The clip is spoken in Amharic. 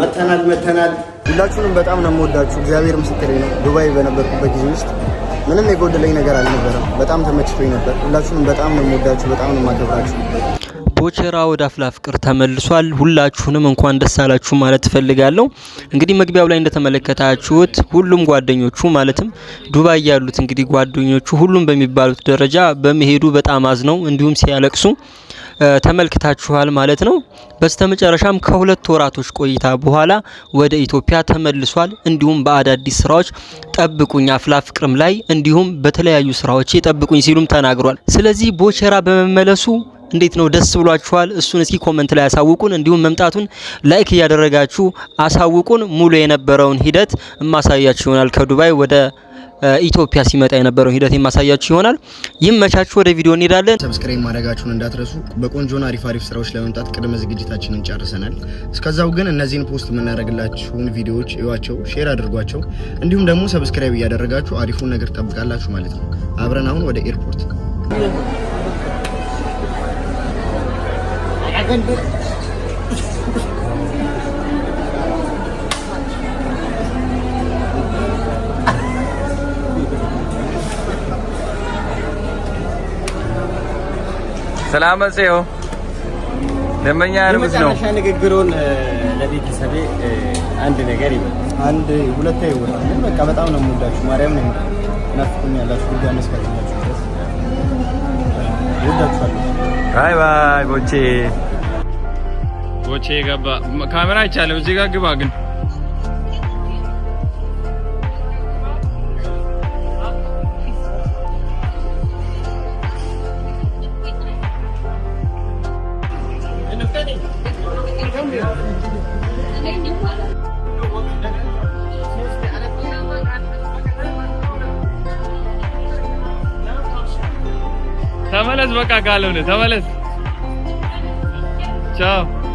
መተናል መተናል። ሁላችሁንም በጣም ነው የምወዳችሁ። እግዚአብሔር ምስክሬ ነው። ዱባይ በነበርኩበት ጊዜ ውስጥ ምንም የጎደለኝ ነገር አልነበረም። በጣም ተመችቶኝ ነበር። ሁላችሁንም በጣም ነው የምወዳችሁ፣ በጣም ነው የማከብራችሁ። ቦቸራ ወደ አፍላ ፍቅር ተመልሷል። ሁላችሁንም እንኳን ደስ አላችሁ ማለት ትፈልጋለሁ። እንግዲህ መግቢያው ላይ እንደተመለከታችሁት ሁሉም ጓደኞቹ ማለትም ዱባይ ያሉት እንግዲህ ጓደኞቹ ሁሉም በሚባሉት ደረጃ በመሄዱ በጣም አዝነው እንዲሁም ሲያለቅሱ ተመልክታችኋል ማለት ነው። በስተመጨረሻም ከሁለት ወራቶች ቆይታ በኋላ ወደ ኢትዮጵያ ተመልሷል። እንዲሁም በአዳዲስ ስራዎች ጠብቁኝ አፍላ ፍቅርም ላይ እንዲሁም በተለያዩ ስራዎች ጠብቁኝ ሲሉም ተናግሯል። ስለዚህ ቦቸራ በመመለሱ እንዴት ነው? ደስ ብሏችኋል? እሱን እስኪ ኮመንት ላይ አሳውቁን። እንዲሁም መምጣቱን ላይክ እያደረጋችሁ አሳውቁን። ሙሉ የነበረውን ሂደት እማሳያችሁ ይሆናል ከዱባይ ወደ ኢትዮጵያ ሲመጣ የነበረውን ሂደት የማሳያችሁ ይሆናል። ይመቻችሁ። ወደ ቪዲዮ እንሄዳለን። ሰብስክራይብ ማድረጋችሁን እንዳትረሱ። በቆንጆና አሪፍ አሪፍ ስራዎች ለመምጣት ቅድመ ዝግጅታችንን ጨርሰናል። እስከዛው ግን እነዚህን ፖስት የምናደርግላችሁን ቪዲዮዎች እዩዋቸው፣ ሼር አድርጓቸው፣ እንዲሁም ደግሞ ሰብስክራይብ እያደረጋችሁ አሪፉን ነገር ጠብቃላችሁ ማለት ነው። አብረን አሁን ወደ ኤርፖርት ሰላም ጽዮ ደንበኛ ንጉስ ነው። ንግግሩን ለቤተሰቤ አንድ ነገር ይበል፣ አንድ ሁለት ይወራል። በቃ በጣም ነው የምወዳችሁ። ማርያም ነው ናፍቆኛላችሁ። ጉዳይ መስከረኛችሁ ድረስ ወዳችኋለሁ። ባይ ባይ። ጎቼ ጎቼ ገባ። ካሜራ አይቻልም። እዚህ ጋር ግባ ግን ተመለስ በቃ ካልሆነ ተመለስ። ቻው